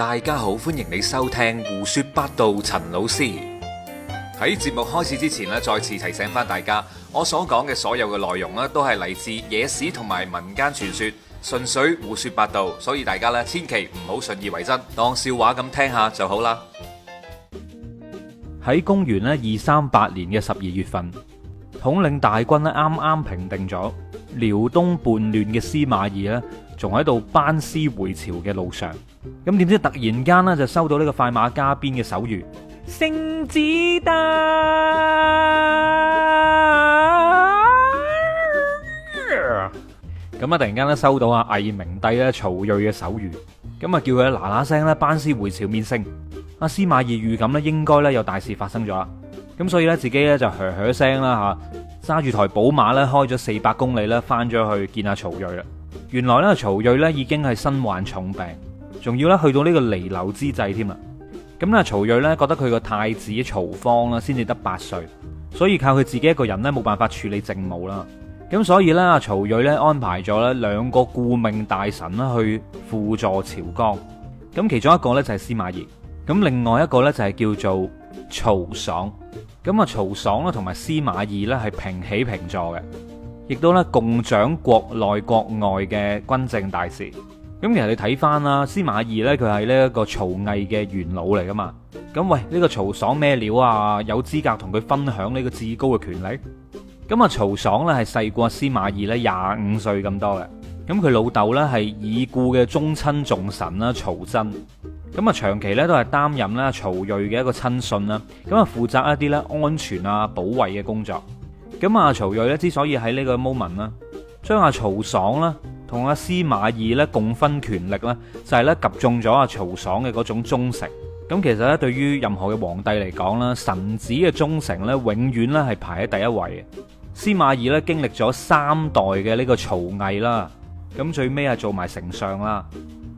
大家好，歡迎你收聽胡說八道。陳老師喺節目開始之前咧，再次提醒翻大家,我所講嘅所有嘅內容咧，都係嚟自野史同埋民間傳說，純粹胡說八道，所以大家咧千祈唔好信以為真，當笑話咁聽下就好啦。喺公元咧二三八年嘅十二月份，統領大軍咧啱啱平定咗遼東叛亂嘅司馬懿咧。仲喺度班師回朝嘅路上，咁點知突然間呢就收到呢個快馬加鞭嘅手諭，聖旨達。咁啊，突然間咧收到阿魏明帝咧曹睿嘅手諭，咁啊叫佢嗱嗱聲咧班師回朝面聖。阿司馬懿預感咧，應該咧有大事發生咗啦，咁所以咧自己咧就噓噓聲啦吓，揸住台寶馬咧開咗四百公里咧翻咗去見阿曹睿啦。原來咧曹睿咧已經係身患重病，仲要咧去到呢個彌留之際添啦。咁咧曹睿咧覺得佢個太子曹芳啦，先至得八歲，所以靠佢自己一個人咧冇辦法處理政務啦。咁所以咧曹睿咧安排咗咧兩個顧命大臣啦去輔助朝綱。咁其中一個咧就係司馬懿，咁另外一個咧就係叫做曹爽。咁啊曹爽啦同埋司馬懿咧係平起平坐嘅。亦都咧共掌國內國外嘅軍政大事。咁其實你睇翻啦，司馬懿呢，佢係呢一個曹魏嘅元老嚟噶嘛。咁喂呢個曹爽咩料啊？有資格同佢分享呢個至高嘅權力？咁啊曹爽呢係細過司馬懿呢廿五歲咁多嘅。咁佢老豆呢係已故嘅宗親重臣啦曹真。咁啊長期呢都係擔任啦曹睿嘅一個親信啦。咁啊負責一啲呢安全啊保衞嘅工作。咁阿曹睿咧，之所以喺呢個 moment 啦，將阿曹爽啦同阿司馬懿咧共分權力咧，就係咧集中咗阿曹爽嘅嗰種忠誠。咁其實咧，對於任何嘅皇帝嚟講咧，臣子嘅忠誠咧，永遠咧係排喺第一位嘅。司馬懿咧經歷咗三代嘅呢個曹魏啦，咁最尾啊做埋丞相啦。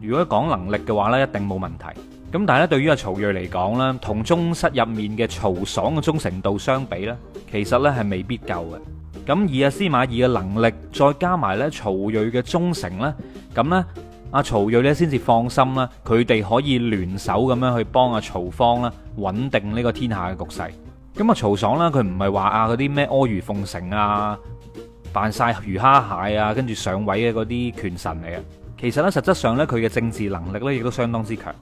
如果講能力嘅話咧，一定冇問題。咁但係咧，對於阿曹睿嚟講咧，同宗室入面嘅曹爽嘅忠誠度相比咧，其實咧係未必夠嘅。咁以阿司馬懿嘅能力，再加埋咧曹睿嘅忠誠咧，咁咧阿曹睿咧先至放心啦。佢哋可以聯手咁樣去幫阿曹芳啦，穩定呢個天下嘅局勢。咁阿曹爽咧，佢唔係話啊嗰啲咩阿諛奉承啊，扮晒魚蝦蟹啊，跟住上位嘅嗰啲權臣嚟嘅。其實咧，實質上咧，佢嘅政治能力咧，亦都相當之強。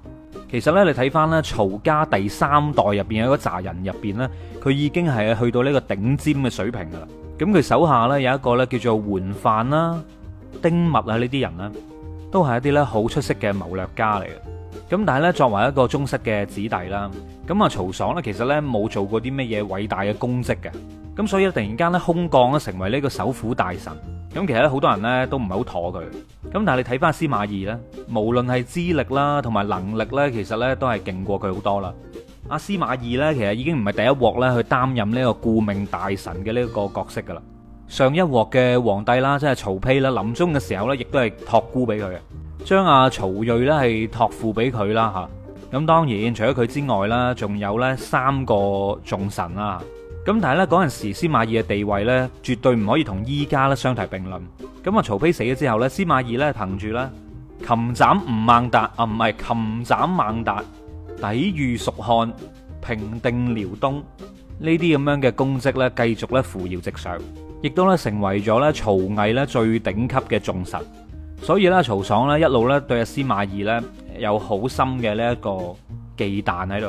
其實呢，你睇翻咧曹家第三代入邊有一紮人入邊呢，佢已經係去到呢個頂尖嘅水平㗎啦。咁佢手下呢，有一個呢叫做桓範啦、丁密啊呢啲人咧，都係一啲呢好出色嘅謀略家嚟嘅。咁但係咧，作為一個宗室嘅子弟啦，咁啊曹爽咧，其實咧冇做過啲乜嘢偉大嘅功績嘅，咁所以突然間咧空降咧成為呢個首輔大臣，咁其實好多人咧都唔係好妥佢，咁但係你睇翻司馬懿咧，無論係資歷啦，同埋能力咧，其實咧都係勁過佢好多啦。阿司馬懿咧，其實已經唔係第一鑊咧去擔任呢個顧命大臣嘅呢個角色噶啦，上一鑊嘅皇帝啦，即係曹丕啦，臨終嘅時候咧，亦都係託孤俾佢嘅。將阿曹睿咧係託付俾佢啦吓，咁當然除咗佢之外啦，仲有咧三個重臣啦，咁但係咧嗰陣時司馬懿嘅地位咧，絕對唔可以同依家咧相提並論。咁阿曹丕死咗之後咧，司馬懿咧憑住咧擒斬吳孟達啊，唔係擒斬孟達，抵禦蜀漢、平定遼東呢啲咁樣嘅功績咧，繼續咧扶搖直上，亦都咧成為咗咧曹魏咧最頂級嘅重臣。所以咧，曹爽咧一路咧對阿司馬懿咧有好深嘅呢一個忌憚喺度。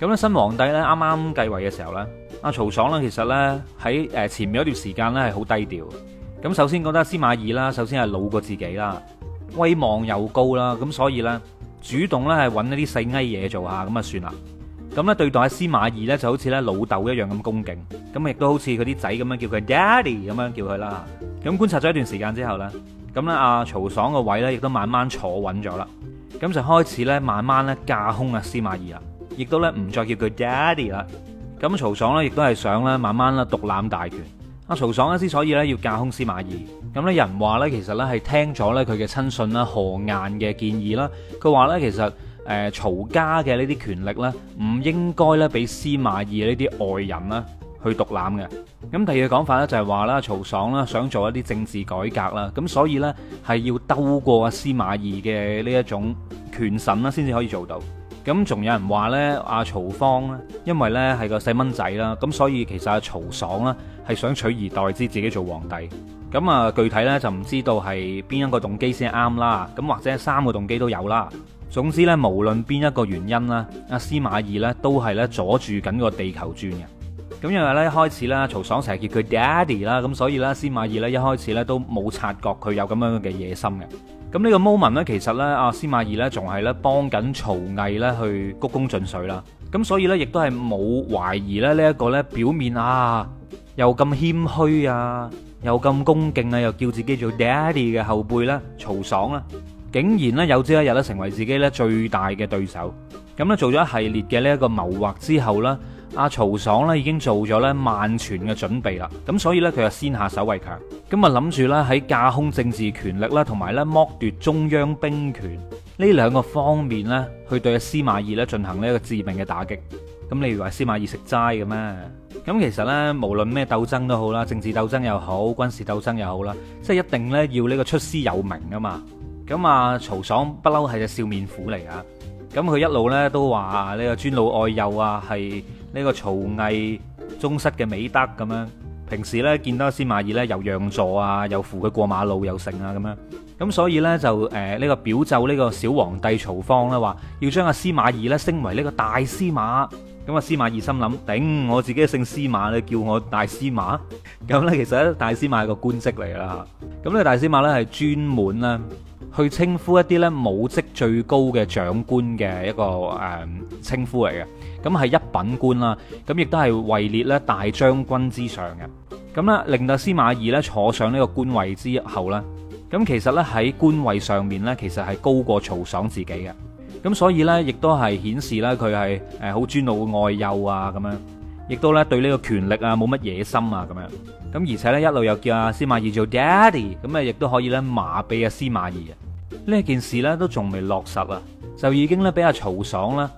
咁咧新皇帝咧啱啱繼位嘅時候咧，阿曹爽咧其實咧喺誒前面一段時間咧係好低調。咁首先覺得司馬懿啦，首先係老過自己啦，威望又高啦，咁所以咧主動咧係揾一啲細藝嘢做下，咁啊算啦。咁咧對待司馬懿咧就好似咧老豆一樣咁恭敬，咁亦都好似佢啲仔咁樣叫佢 daddy 咁樣叫佢啦。咁觀察咗一段時間之後呢，咁咧阿曹爽個位咧亦都慢慢坐穩咗啦，咁就開始咧慢慢咧架空阿司馬懿啦，亦都咧唔再叫佢 daddy 啦。咁曹爽咧亦都係想咧慢慢咧獨攬大權。阿曹爽咧之所以咧要架空司馬懿，咁咧人話咧其實咧係聽咗咧佢嘅親信啦何晏嘅建議啦，佢話咧其實。誒曹家嘅呢啲權力呢，唔應該咧俾司馬懿呢啲外人啦去獨攬嘅。咁第二個講法呢，就係話啦，曹爽啦想做一啲政治改革啦，咁所以呢，係要兜過啊司馬懿嘅呢一種權臣啦，先至可以做到。咁仲有人話呢，阿曹芳咧，因為呢係個細蚊仔啦，咁所以其實阿曹爽啦係想取而代之自己做皇帝。咁啊，具體呢就唔知道係邊一個動機先啱啦。咁或者三個動機都有啦。總之咧，無論邊一個原因啦，阿司馬懿咧都係咧阻住緊個地球轉嘅。咁因為咧開始啦，曹爽成日叫佢爹地啦，咁所以咧司馬懿咧一開始咧都冇察覺佢有咁樣嘅野心嘅。咁呢個 moment 咧，其實咧阿司馬懿咧仲係咧幫緊曹魏咧去鞠躬盡瘁啦。咁所以咧亦都係冇懷疑咧呢一個咧表面啊又咁謙虛啊又咁恭敬啊又叫自己做爹地嘅後輩啦，曹爽啊。竟然咧，有朝一日咧，成為自己咧最大嘅對手。咁咧，做咗一系列嘅呢一個謀劃之後咧，阿曹爽咧已經做咗咧萬全嘅準備啦。咁所以咧，佢就先下手為強，咁啊諗住咧喺架空政治權力啦，同埋咧剝奪中央兵權呢兩個方面咧，去對阿司馬懿咧進行呢一個致命嘅打擊。咁你以為司馬懿食齋嘅咩？咁其實呢，無論咩鬥爭都好啦，政治鬥爭又好，軍事鬥爭又好啦，即係一定呢要呢個出師有名啊嘛。咁啊，曹爽不嬲係隻笑面虎嚟啊！咁佢一路咧都話呢個尊老愛幼啊，係呢個曹魏宗室嘅美德咁樣。平時咧見到司馬懿咧又讓座啊，又扶佢過馬路又成啊咁樣。咁所以咧就誒呢、呃這個表奏呢個小皇帝曹芳啦，話要將阿司馬懿咧升為呢個大司馬。咁阿司馬懿心諗頂，我自己姓司馬你叫我大司馬咁咧。 其實咧大司馬係個官職嚟啦，咁呢個大司馬咧係專門咧。去稱呼一啲咧武職最高嘅長官嘅一個誒、嗯、稱呼嚟嘅，咁係一品官啦，咁亦都係位列咧大將軍之上嘅，咁咧令到司馬懿咧坐上呢個官位之後咧，咁其實咧喺官位上面咧，其實係高過曹爽自己嘅，咁所以咧亦都係顯示咧佢係誒好尊老愛幼啊咁樣，亦都咧對呢個權力啊冇乜野心啊咁樣。咁而且咧，一路又叫阿司馬懿做 daddy，咁啊，亦都可以咧麻痹阿司馬懿啊。呢一件事咧都仲未落實啊，就已經咧俾阿曹爽啦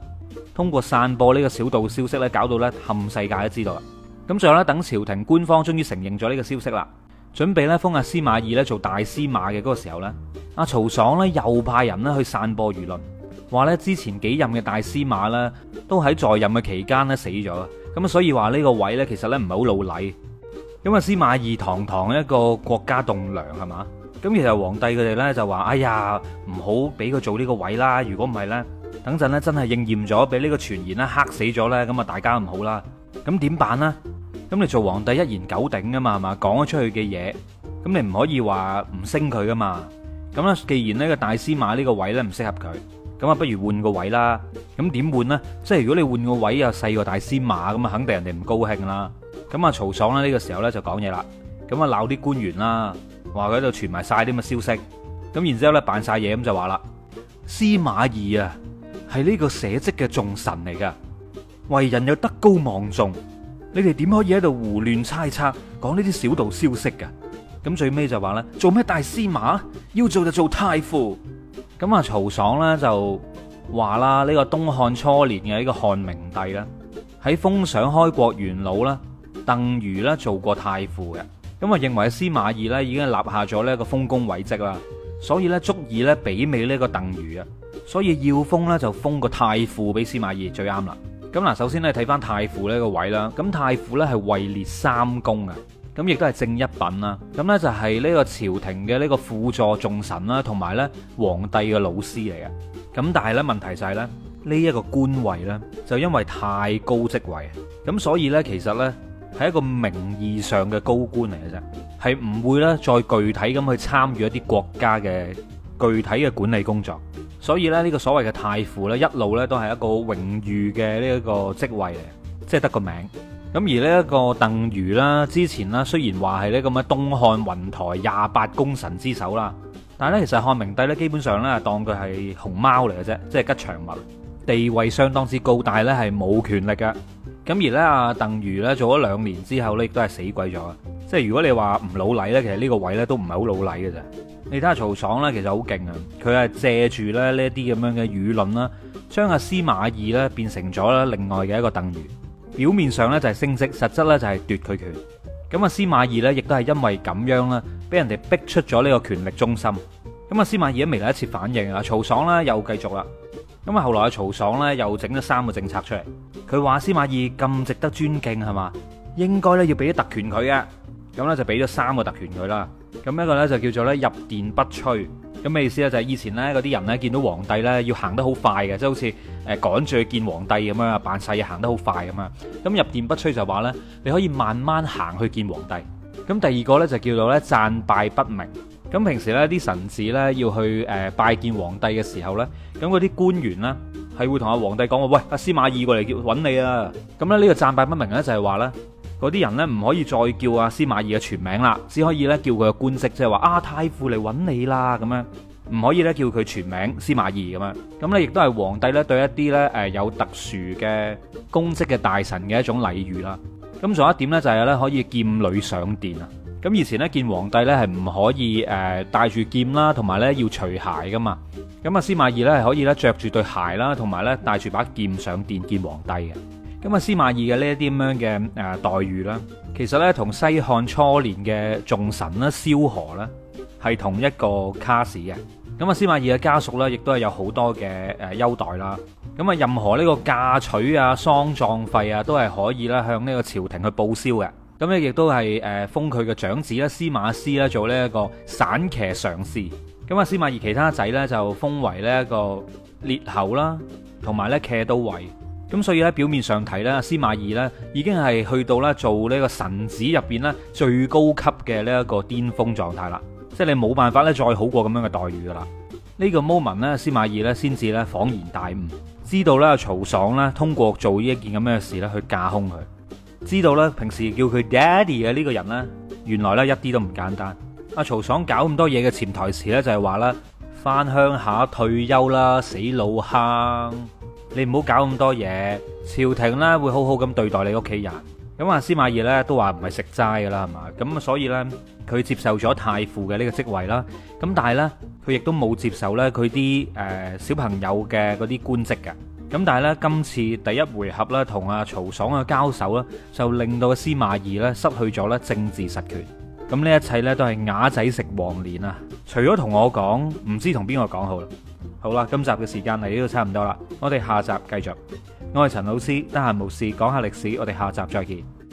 通過散播呢個小道消息咧，搞到咧冚世界都知道啦。咁最後咧，等朝廷官方終於承認咗呢個消息啦，準備咧封阿司馬懿咧做大司馬嘅嗰個時候咧，阿曹爽咧又派人咧去散播輿論，話咧之前幾任嘅大司馬咧都喺在，在任嘅期間咧死咗，咁所以話呢個位咧其實咧唔係好老禮。因為司馬懿堂堂一個國家棟樑係嘛，咁其實皇帝佢哋咧就話：哎呀，唔好俾佢做呢個位啦！如果唔係呢，等陣咧真係應驗咗，俾呢個傳言咧吓死咗呢。咁啊大家唔好啦。咁點辦呢？咁你做皇帝一言九鼎噶嘛，係嘛，講咗出去嘅嘢，咁你唔可以話唔升佢噶嘛。咁啦，既然呢個大司馬呢個位呢唔適合佢，咁啊不如換個位啦。咁點換呢？即係如果你換個位又細個大司馬咁啊，肯定人哋唔高興啦。咁啊，曹爽咧呢個時候咧就講嘢啦，咁啊鬧啲官員啦，話佢喺度傳埋晒啲咁嘅消息，咁然之後咧扮晒嘢，咁就話啦，司馬懿啊係呢個社稷嘅重臣嚟噶，為人又德高望重，你哋點可以喺度胡亂猜測，講呢啲小道消息噶？咁最尾就話咧，做咩大司馬，要做就做太傅。咁、嗯、啊，曹爽咧就話啦，呢個東漢初年嘅呢個漢明帝啦，喺封賞開國元老啦。鄧禹咧做過太傅嘅，咁啊認為司馬懿咧已經立下咗呢一個豐功偉績啦，所以咧足以咧媲美呢個鄧禹啊，所以要封咧就封個太傅俾司馬懿最啱啦。咁嗱，首先咧睇翻太傅呢個位啦，咁太傅咧係位列三公嘅，咁亦都係正一品啦。咁咧就係、是、呢個朝廷嘅呢個輔助眾臣啦，同埋咧皇帝嘅老師嚟嘅。咁但係咧問題就係咧呢一個官位咧就因為太高職位，咁所以咧其實咧。係一個名義上嘅高官嚟嘅啫，係唔會咧再具體咁去參與一啲國家嘅具體嘅管理工作。所以咧呢個所謂嘅太傅呢，一路呢都係一個榮譽嘅呢一個職位嚟，即係得個名。咁而呢一個鄧禹啦，之前啦雖然話係呢咁嘅東漢雲台廿八功臣之首啦，但係咧其實漢明帝呢，基本上呢，當佢係熊貓嚟嘅啫，即係吉祥物，地位相當之高，但係咧係冇權力嘅。咁而咧，阿鄧瑜咧做咗兩年之後咧，亦都係死鬼咗啊！即係如果你話唔老禮咧，其實呢個位咧都唔係好老禮嘅啫。你睇下曹爽咧，其實好勁啊！佢係借住咧呢一啲咁樣嘅輿論啦，將阿司馬懿咧變成咗咧另外嘅一個鄧瑜。表面上咧就係升職，實質咧就係奪佢權。咁阿司馬懿咧亦都係因為咁樣咧，俾人哋逼出咗呢個權力中心。咁阿司馬懿都未有一次反應啊！曹爽咧又繼續啦。咁啊，後來啊，曹爽咧又整咗三個政策出嚟。佢話司馬懿咁值得尊敬係嘛，應該咧要俾啲特權佢嘅。咁咧就俾咗三個特權佢啦。咁一個咧就叫做咧入殿不趨。咁嘅意思咧就係、是、以前咧嗰啲人咧見到皇帝咧要行得快、就是、好快嘅，即係好似誒趕住去見皇帝咁啊，扮曬嘢行得好快咁啊。咁入殿不趨就話咧，你可以慢慢行去見皇帝。咁第二個咧就叫做咧讚拜不名。咁平時咧，啲臣子咧要去誒、呃、拜見皇帝嘅時候咧，咁嗰啲官員咧係會同阿皇帝講話，喂，阿司馬懿過嚟叫揾你啊！咁咧呢個贊拜不名咧就係話咧，嗰啲人咧唔可以再叫阿司馬懿嘅全名啦，只可以咧叫佢嘅官職，即係話阿太傅嚟揾你啦咁樣，唔可以咧叫佢全名司馬懿咁樣。咁咧亦都係皇帝咧對一啲咧誒有特殊嘅功績嘅大臣嘅一種禮遇啦。咁仲有一點咧就係咧可以劍履上殿啊！咁以前咧，見皇帝咧係唔可以誒帶住劍啦，同埋咧要除鞋噶嘛。咁啊，司馬懿咧係可以咧着住對鞋啦，同埋咧帶住把劍上殿見皇帝嘅。咁啊，司馬懿嘅呢一啲咁樣嘅誒待遇啦，其實咧同西漢初年嘅重臣啦、蕭何啦係同一個卡 l 嘅。咁啊，司馬懿嘅家屬咧亦都係有好多嘅誒優待啦。咁啊，任何呢個嫁娶啊、喪葬費啊，都係可以啦向呢個朝廷去報銷嘅。咁咧亦都係誒封佢嘅長子啦，司馬師啦做呢一個散騎常侍。咁啊，司馬懿其他仔咧就封為呢一個列侯啦，同埋咧騎都尉。咁所以咧表面上睇咧，司馬懿咧已經係去到咧做呢個臣子入邊咧最高級嘅呢一個巔峰狀態啦。即係你冇辦法咧再好過咁樣嘅待遇噶啦。呢個 moment 咧，司馬懿咧先至咧恍然大悟，知道咧曹爽咧通過做呢一件咁樣嘅事咧去架空佢。知道咧，平時叫佢爹哋嘅呢個人呢，原來呢一啲都唔簡單。阿曹爽搞咁多嘢嘅潛台詞呢，就係話啦，翻鄉下退休啦，死老坑，你唔好搞咁多嘢。朝廷呢會好好咁對待你屋企人。咁阿司馬懿呢都話唔係食齋噶啦，係嘛？咁所以呢，佢接受咗太傅嘅呢個職位啦。咁但係呢，佢亦都冇接受呢佢啲誒小朋友嘅嗰啲官職嘅。咁但係咧，今次第一回合咧，同阿曹爽嘅交手呢，就令到嘅司馬懿咧失去咗咧政治實權。咁呢一切咧都係啞仔食黃連啊！除咗同我講，唔知同邊個講好啦。好啦，今集嘅時間嚟到，都差唔多啦，我哋下集繼續。我係陳老師，得閒無事講下歷史，我哋下集再見。